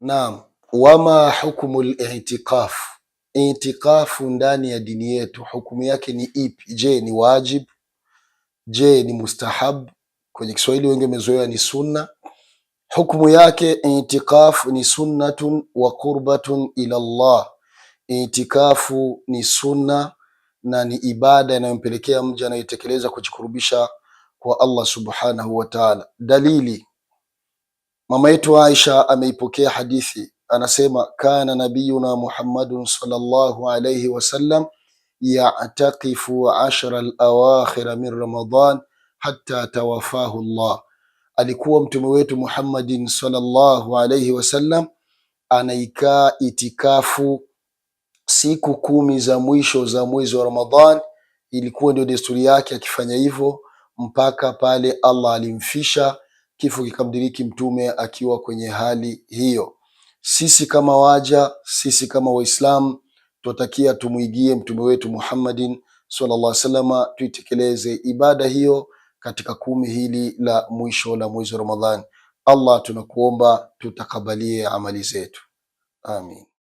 Naam, wama hukumu litikafu, itikafu ndani ya dini yetu hukumu yake ni ipi? Je, ni wajib? Je, ni mustahab Kwenye Kiswahili wengi wamezoea ni sunna. Hukumu yake itikafu ni sunnatun wa qurbatun ila Allah. Itikafu ni sunna na ni ibada inayompelekea mja anayetekeleza kujikurubisha kwa Allah subhanahu wa ta'ala. Dalili Mama yetu Aisha ameipokea hadithi, anasema kana nabiyuna Muhammadun sallallahu alayhi wasallam yatakifu ashra alawakhira min Ramadan hatta tawafahu Allah, alikuwa mtume wetu Muhammadin sallallahu alayhi wasallam anaikaa itikafu siku kumi za mwisho za mwezi wa Ramadhan. Ilikuwa ndio desturi yake akifanya hivyo mpaka pale Allah alimfisha kifo kikamdiriki mtume akiwa kwenye hali hiyo. Sisi kama waja, sisi kama Waislamu twatakia tumwigie mtume wetu Muhammadin sallallahu alaihi wasallam, tuitekeleze ibada hiyo katika kumi hili la mwisho la mwezi wa Ramadhani. Allah, tunakuomba tutakabalie amali zetu, amin.